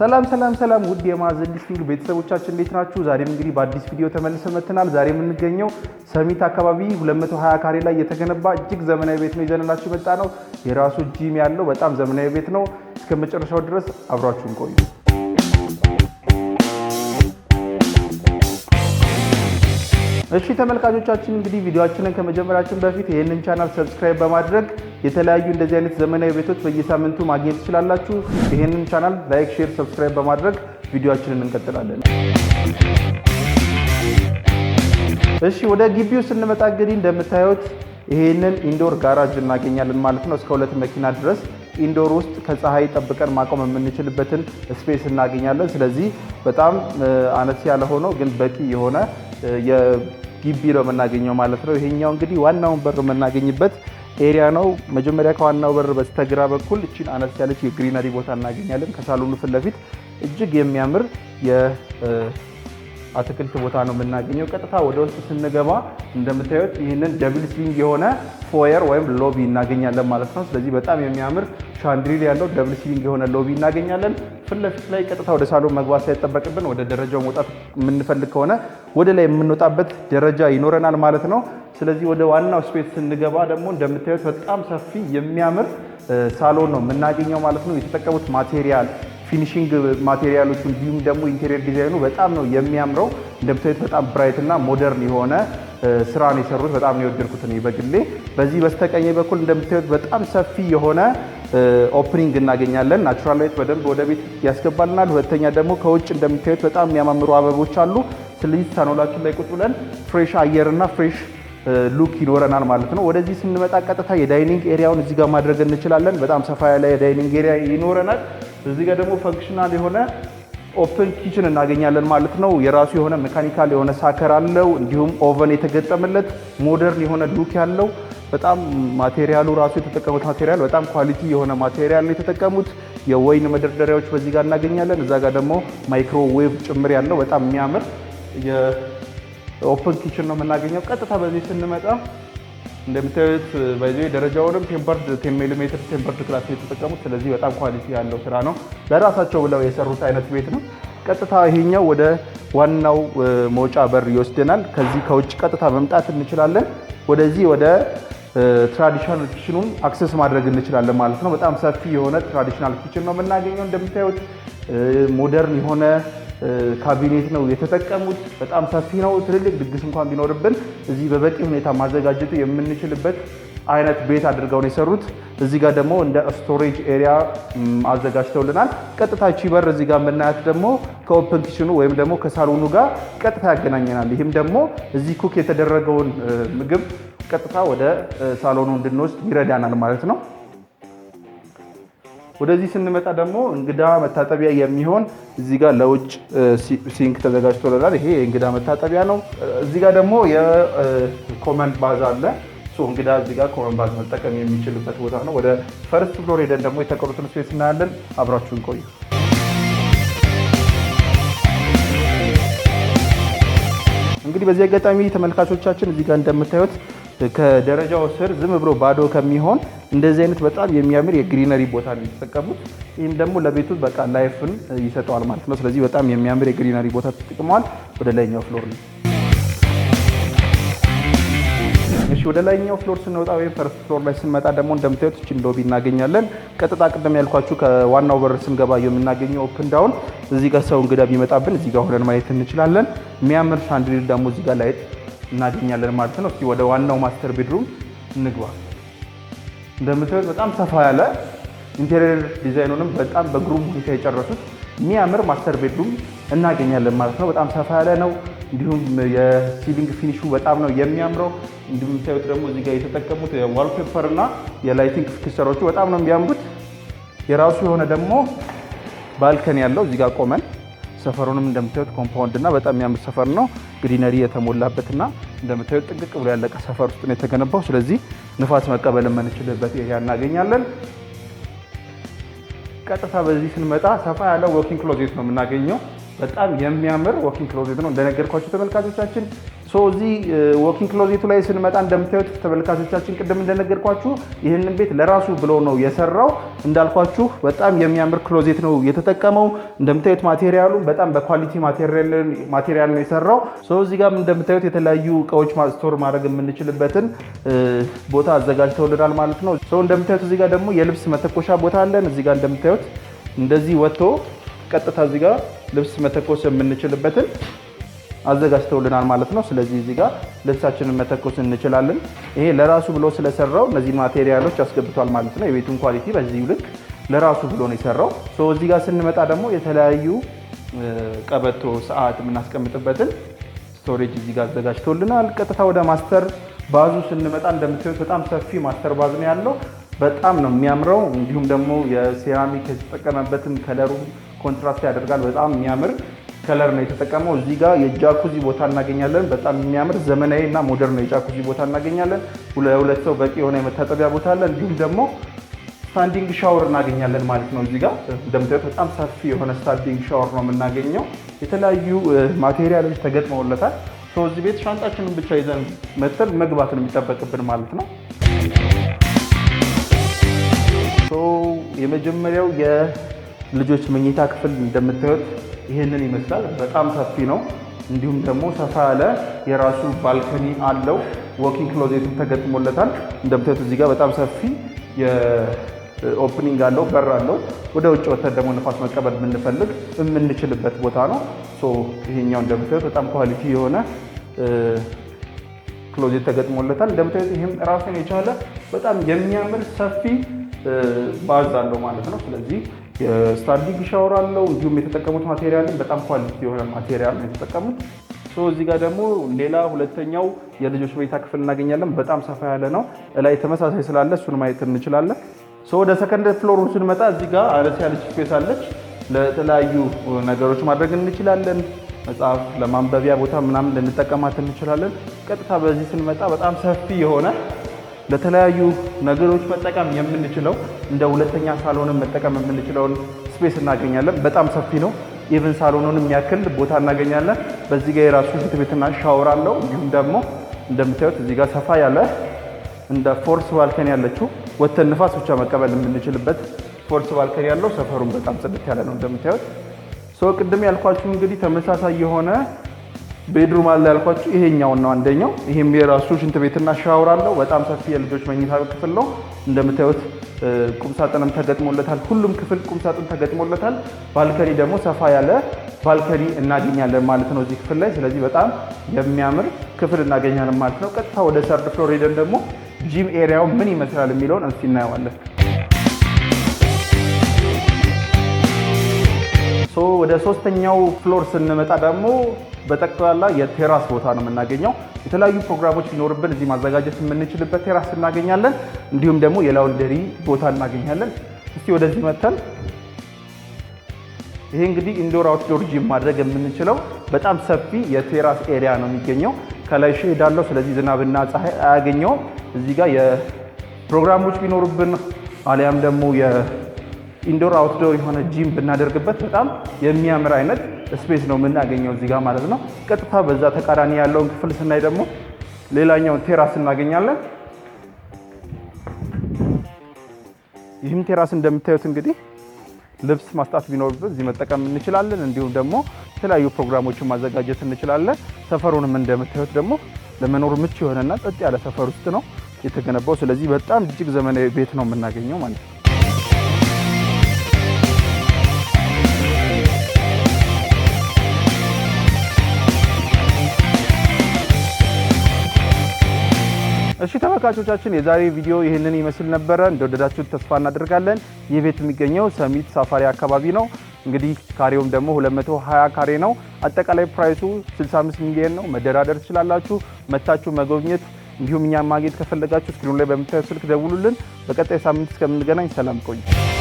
ሰላም ሰላም ሰላም ውድ የማዘንዲስ ፊልድ ቤተሰቦቻችን እንዴት ናችሁ? ዛሬም እንግዲህ በአዲስ ቪዲዮ ተመልሰን መጥተናል። ዛሬ የምንገኘው ሰሚት አካባቢ 220 ካሬ ላይ የተገነባ እጅግ ዘመናዊ ቤት ነው ይዘንላችሁ መጣ ነው። የራሱ ጂም ያለው በጣም ዘመናዊ ቤት ነው። እስከ መጨረሻው ድረስ አብራችሁን ቆዩ። እሺ ተመልካቾቻችን እንግዲህ ቪዲዮችንን ከመጀመራችን በፊት ይህንን ቻናል ሰብስክራይብ በማድረግ የተለያዩ እንደዚህ አይነት ዘመናዊ ቤቶች በየሳምንቱ ማግኘት ትችላላችሁ። ይህንን ቻናል ላይክ፣ ሼር፣ ሰብስክራይብ በማድረግ ቪዲዮችንን እንቀጥላለን። እሺ ወደ ግቢው ስንመጣ እንግዲህ እንደምታዩት ይሄንን ኢንዶር ጋራጅ እናገኛለን ማለት ነው። እስከ ሁለት መኪና ድረስ ኢንዶር ውስጥ ከፀሐይ ጠብቀን ማቆም የምንችልበትን ስፔስ እናገኛለን። ስለዚህ በጣም አነስ ያለ ሆኖ ግን በቂ የሆነ የግቢ ነው የምናገኘው ማለት ነው። ይሄኛው እንግዲህ ዋናውን በር የምናገኝበት ኤሪያ ነው። መጀመሪያ ከዋናው በር በስተግራ በኩል እችን አነስ ያለች የግሪነሪ ቦታ እናገኛለን። ከሳሎኑ ፊት ለፊት እጅግ የሚያምር የአትክልት ቦታ ነው የምናገኘው። ቀጥታ ወደ ውስጥ ስንገባ እንደምታዩት ይህንን ደብል ስዊንግ የሆነ ፎየር ወይም ሎቢ እናገኛለን ማለት ነው። ስለዚህ በጣም የሚያምር ሻንድሪል ያለው ደብል ስዊንግ የሆነ ሎቢ እናገኛለን። ፊት ለፊት ላይ ቀጥታ ወደ ሳሎን መግባት ሳይጠበቅብን ወደ ደረጃው መውጣት የምንፈልግ ከሆነ ወደ ላይ የምንወጣበት ደረጃ ይኖረናል ማለት ነው። ስለዚህ ወደ ዋናው ስፔስ ስንገባ ደግሞ እንደምታዩት በጣም ሰፊ የሚያምር ሳሎን ነው የምናገኘው ማለት ነው። የተጠቀሙት ማቴሪያል ፊኒሽንግ ማቴሪያሎቹ እንዲሁም ደግሞ ኢንቴሪየር ዲዛይኑ በጣም ነው የሚያምረው። እንደምታዩት በጣም ብራይት እና ሞደርን የሆነ ስራን የሰሩት። በጣም ነው የወደድኩት እኔ በግሌ። በዚህ በስተቀኝ በኩል እንደምታዩት በጣም ሰፊ የሆነ ኦፕኒንግ እናገኛለን። ናቹራል ላይት በደንብ ወደ ቤት ያስገባልናል። ሁለተኛ ደግሞ ከውጭ እንደምታዩት በጣም የሚያማምሩ አበቦች አሉ። ስለዚህ ሳኖላችን ላይ ቁጭ ብለን ፍሬሽ አየርና ፍሬሽ ሉክ ይኖረናል ማለት ነው። ወደዚህ ስንመጣ ቀጥታ የዳይኒንግ ኤሪያውን እዚህ ጋር ማድረግ እንችላለን። በጣም ሰፋ ያለ የዳይኒንግ ኤሪያ ይኖረናል። እዚህ ጋር ደግሞ ፈንክሽናል የሆነ ኦፕን ኪችን እናገኛለን ማለት ነው። የራሱ የሆነ ሜካኒካል የሆነ ሳከር አለው። እንዲሁም ኦቨን የተገጠመለት ሞደርን የሆነ ሉክ ያለው በጣም ማቴሪያሉ ራሱ የተጠቀሙት ማቴሪያል በጣም ኳሊቲ የሆነ ማቴሪያል ነው የተጠቀሙት። የወይን መደርደሪያዎች በዚህ ጋር እናገኛለን። እዛ ጋር ደግሞ ማይክሮዌቭ ጭምር ያለው በጣም የሚያምር የኦፕን ኪችን ነው የምናገኘው። ቀጥታ በዚህ ስንመጣ እንደምታዩት በዚ uh, ደረጃውንም ቴምፐርድ ቴን ሚሊሜትር ቴምፐርድ ክላስ የተጠቀሙት። ስለዚህ በጣም ኳሊቲ ያለው ስራ ነው። ለራሳቸው ብለው የሰሩት አይነት ቤት ነው። ቀጥታ ይሄኛው ወደ ዋናው uh, መውጫ በር ይወስደናል። ከዚህ ከውጭ ቀጥታ መምጣት እንችላለን። ወደዚህ ወደ ትራዲሽናል ኪችኑን አክሰስ ማድረግ እንችላለን ማለት ነው። በጣም ሰፊ የሆነ ትራዲሽናል ኪችን ነው የምናገኘው። እንደምታዩት ሞደርን uh, የሆነ ካቢኔት ነው የተጠቀሙት። በጣም ሰፊ ነው። ትልልቅ ድግስ እንኳን ቢኖርብን እዚህ በበቂ ሁኔታ ማዘጋጀቱ የምንችልበት አይነት ቤት አድርገው ነው የሰሩት። እዚህ ጋር ደግሞ እንደ ስቶሬጅ ኤሪያ አዘጋጅተውልናል። ቀጥታ ቺ በር እዚህ ጋር የምናያት ደግሞ ከኦፕን ኪችኑ ወይም ደግሞ ከሳሎኑ ጋር ቀጥታ ያገናኘናል። ይህም ደግሞ እዚህ ኩክ የተደረገውን ምግብ ቀጥታ ወደ ሳሎኑ እንድንወስድ ይረዳናል ማለት ነው። ወደዚህ ስንመጣ ደግሞ እንግዳ መታጠቢያ የሚሆን እዚህ ጋር ለውጭ ሲንክ ተዘጋጅቶልናል። ይሄ የእንግዳ መታጠቢያ ነው። እዚህ ጋር ደግሞ የኮመንድ ባዝ አለ። እንግዳ እዚህ ጋር ኮመንድ ባዝ መጠቀም የሚችልበት ቦታ ነው። ወደ ፈርስት ፍሎር ሄደን ደግሞ የተቀሩትን ስፔስ እናያለን። አብራችሁን ቆዩ። እንግዲህ በዚህ አጋጣሚ ተመልካቾቻችን እዚህ ጋር እንደምታዩት ከደረጃው ስር ዝም ብሎ ባዶ ከሚሆን እንደዚህ አይነት በጣም የሚያምር የግሪነሪ ቦታ ነው የተጠቀሙት። ይህም ደግሞ ለቤቱ በቃ ላይፍን ይሰጠዋል ማለት ነው። ስለዚህ በጣም የሚያምር የግሪነሪ ቦታ ተጠቅመዋል። ወደ ላይኛው ፍሎር ነው። እሺ ወደ ላይኛው ፍሎር ስንወጣ ወይም ፈርስት ፍሎር ላይ ስንመጣ ደግሞ እንደምታዩት እችን ሎቢ እናገኛለን። ቀጥታ ቅድም ያልኳችሁ ከዋናው በር ስንገባ የምናገኘው ኦፕን ዳውን፣ እዚህ ጋር ሰው እንግዳ ቢመጣብን እዚህ ጋር ሆነን ማየት እንችላለን። የሚያምር ሻንድሊር ደግሞ እዚህ ጋር ላይት እናገኛለን ማለት ነው። እስኪ ወደ ዋናው ማስተር ቤድሩም እንግባ። እንደምታዩት በጣም ሰፋ ያለ ኢንቴሪየር ዲዛይኑንም በጣም በግሩም ሁኔታ የጨረሱት የሚያምር ማስተር ቤድሩም እናገኛለን ማለት ነው። በጣም ሰፋ ያለ ነው። እንዲሁም የሲሊንግ ፊኒሹ በጣም ነው የሚያምረው። እንደምታዩት ደግሞ እዚህ ጋር የተጠቀሙት የዋልፔፐር እና የላይቲንግ ፊክስቸሮቹ በጣም ነው የሚያምሩት። የራሱ የሆነ ደግሞ ባልከን ያለው እዚህ ጋር ቆመን ሰፈሩንም እንደምታዩት ኮምፓውንድ እና በጣም የሚያምር ሰፈር ነው። ግሪነሪ የተሞላበትና እንደምታዩት ጥንቅቅ ብሎ ያለቀ ሰፈር ውስጥ ነው የተገነባው። ስለዚህ ንፋስ መቀበል የምንችልበት ኤሪያ እናገኛለን። ቀጥታ በዚህ ስንመጣ ሰፋ ያለ ወኪንግ ክሎዜት ነው የምናገኘው። በጣም የሚያምር ወኪንግ ክሎዜት ነው እንደነገርኳቸው ተመልካቾቻችን እዚህ ወኪንግ ክሎዜቱ ላይ ስንመጣ እንደምታዩት ተመልካቾቻችን ቅድም እንደነገርኳችሁ ይህንን ቤት ለራሱ ብሎ ነው የሰራው። እንዳልኳችሁ በጣም የሚያምር ክሎዜት ነው የተጠቀመው። እንደምታዩት ማቴሪያሉ በጣም በኳሊቲ ማቴሪያል ነው የሰራው። እዚህ ጋም እንደምታዩት የተለያዩ እቃዎች ስቶር ማድረግ የምንችልበትን ቦታ አዘጋጅተውልናል ማለት ነው። እንደምታዩት እዚህ ጋር ደግሞ የልብስ መተኮሻ ቦታ አለን። እዚህ ጋር እንደምታዩት እንደዚህ ወጥቶ ቀጥታ እዚህ ጋር ልብስ መተኮስ የምንችልበትን አዘጋጅተውልናል ማለት ነው። ስለዚህ እዚህ ጋር ልብሳችንን መተኮስ እንችላለን። ይሄ ለራሱ ብሎ ስለሰራው እነዚህ ማቴሪያሎች አስገብቷል ማለት ነው። የቤቱን ኳሊቲ በዚህ ልክ ለራሱ ብሎ ነው የሰራው። እዚህ ጋር ስንመጣ ደግሞ የተለያዩ ቀበቶ፣ ሰዓት የምናስቀምጥበትን ስቶሬጅ እዚህ ጋር አዘጋጅቶልናል። ቀጥታ ወደ ማስተር ባዙ ስንመጣ እንደምታዩት በጣም ሰፊ ማስተር ባዝ ነው ያለው። በጣም ነው የሚያምረው። እንዲሁም ደግሞ የሴራሚክ የተጠቀመበትን ከለሩ ኮንትራስት ያደርጋል። በጣም የሚያምር ከለር ነው የተጠቀመው። እዚህ ጋር የጃኩዚ ቦታ እናገኛለን። በጣም የሚያምር ዘመናዊ እና ሞደርን የጃኩዚ ቦታ እናገኛለን። ለሁለት ሰው በቂ የሆነ የመታጠቢያ ቦታ አለ። እንዲሁም ደግሞ ስታንዲንግ ሻወር እናገኛለን ማለት ነው። እዚህ ጋር እንደምታዩት በጣም ሰፊ የሆነ ስታንዲንግ ሻወር ነው የምናገኘው። የተለያዩ ማቴሪያሎች ተገጥመውለታል። እዚህ ቤት ሻንጣችንን ብቻ ይዘን መተን መግባት ነው የሚጠበቅብን ማለት ነው። የመጀመሪያው የልጆች መኝታ ክፍል እንደምታዩት ይሄንን ይመስላል። በጣም ሰፊ ነው። እንዲሁም ደግሞ ሰፋ ያለ የራሱ ባልከኒ አለው። ወኪንግ ክሎዜትም ተገጥሞለታል። እንደምታዩት እዚህ ጋር በጣም ሰፊ ኦፕኒንግ አለው፣ በር አለው። ወደ ውጭ ወተን ደግሞ ንፋስ መቀበል የምንፈልግ የምንችልበት ቦታ ነው። ይሄኛው እንደምታዩት በጣም ኳሊቲ የሆነ ክሎዜት ተገጥሞለታል። እንደምታዩት ይህም ራሱን የቻለ በጣም የሚያምር ሰፊ ባዝ አለው ማለት ነው። ስለዚህ ስታንዲንግ ሻወር አለው። እንዲሁም የተጠቀሙት ማቴሪያልን በጣም ኳሊቲ የሆነ ማቴሪያል ነው የተጠቀሙት። እዚህ ጋር ደግሞ ሌላ ሁለተኛው የልጆች መኝታ ክፍል እናገኛለን። በጣም ሰፋ ያለ ነው። እላይ ተመሳሳይ ስላለ እሱን ማየት እንችላለን። ወደ ሰከንድ ፍሎር ስንመጣ እዚህ ጋር አነስ ያለች ስፔስ አለች። ለተለያዩ ነገሮች ማድረግ እንችላለን። መጽሐፍ ለማንበቢያ ቦታ ምናምን ልንጠቀማት እንችላለን። ቀጥታ በዚህ ስንመጣ በጣም ሰፊ የሆነ ለተለያዩ ነገሮች መጠቀም የምንችለው እንደ ሁለተኛ ሳሎንን መጠቀም የምንችለውን ስፔስ እናገኛለን። በጣም ሰፊ ነው። ኢቨን ሳሎኑን የሚያክል ቦታ እናገኛለን። በዚህ ጋር የራሱ ሽንት ቤትና ሻወር አለው። እንዲሁም ደግሞ እንደምታዩት እዚህ ጋር ሰፋ ያለ እንደ ፎርስ ባልከን ያለችው ወተን ንፋስ ብቻ መቀበል የምንችልበት ፎርስ ባልከን ያለው ሰፈሩን በጣም ጽድት ያለ ነው እንደምታዩት። ሰው ቅድም ያልኳችሁ እንግዲህ ተመሳሳይ የሆነ ቤድሩም አለ ያልኳችሁ ይሄኛው ነው አንደኛው። ይሄም የራሱ ሽንት ቤትና ሻወር አለው። በጣም ሰፊ የልጆች መኝታ ክፍል ነው። እንደምታዩት ቁምሳጥንም ተገጥሞለታል። ሁሉም ክፍል ቁምሳጥን ተገጥሞለታል። ባልከኒ ደግሞ ሰፋ ያለ ባልከኒ እናገኛለን ማለት ነው እዚህ ክፍል ላይ። ስለዚህ በጣም የሚያምር ክፍል እናገኛለን ማለት ነው። ቀጥታ ወደ ሰርድ ፍሎር ሄደን ደግሞ ጂም ኤሪያው ምን ይመስላል የሚለውን እስኪ እናየዋለን። ወደ ሶስተኛው ፍሎር ስንመጣ ደግሞ በጠቅላላ የቴራስ ቦታ ነው የምናገኘው። የተለያዩ ፕሮግራሞች ቢኖርብን እዚህ ማዘጋጀት የምንችልበት ቴራስ እናገኛለን። እንዲሁም ደግሞ የላውንደሪ ቦታ እናገኛለን። እስቲ ወደዚህ መተን ይሄ እንግዲህ ኢንዶር አውትዶር ጂም ማድረግ የምንችለው በጣም ሰፊ የቴራስ ኤሪያ ነው የሚገኘው። ከላይ ሼድ አለው፣ ስለዚህ ዝናብና ፀሐይ አያገኘውም። እዚህ ጋር የፕሮግራሞች ቢኖሩብን አሊያም ደግሞ የኢንዶር አውትዶር የሆነ ጂም ብናደርግበት በጣም የሚያምር አይነት ስፔስ ነው የምናገኘው እዚህ ጋር ማለት ነው። ቀጥታ በዛ ተቃራኒ ያለውን ክፍል ስናይ ደግሞ ሌላኛውን ቴራስ እናገኛለን። ይህም ቴራስ እንደምታዩት እንግዲህ ልብስ ማስጣት ቢኖርበት እዚህ መጠቀም እንችላለን። እንዲሁም ደግሞ የተለያዩ ፕሮግራሞችን ማዘጋጀት እንችላለን። ሰፈሩንም እንደምታዩት ደግሞ ለመኖር ምቹ የሆነና ጸጥ ያለ ሰፈር ውስጥ ነው የተገነባው። ስለዚህ በጣም እጅግ ዘመናዊ ቤት ነው የምናገኘው ማለት ነው። እሺ ተመልካቾቻችን የዛሬ ቪዲዮ ይህንን ይመስል ነበረ። እንደወደዳችሁት ተስፋ እናደርጋለን። ይህ ቤት የሚገኘው ሰሚት ሳፋሪ አካባቢ ነው። እንግዲህ ካሬውም ደግሞ 220 ካሬ ነው። አጠቃላይ ፕራይሱ 65 ሚሊዮን ነው። መደራደር ትችላላችሁ። መታችሁ መጎብኘት እንዲሁም እኛን ማግኘት ከፈለጋችሁ ስክሪኑ ላይ በምታዩ ስልክ ደውሉልን። በቀጣይ ሳምንት እስከምንገናኝ ሰላም ቆዩ።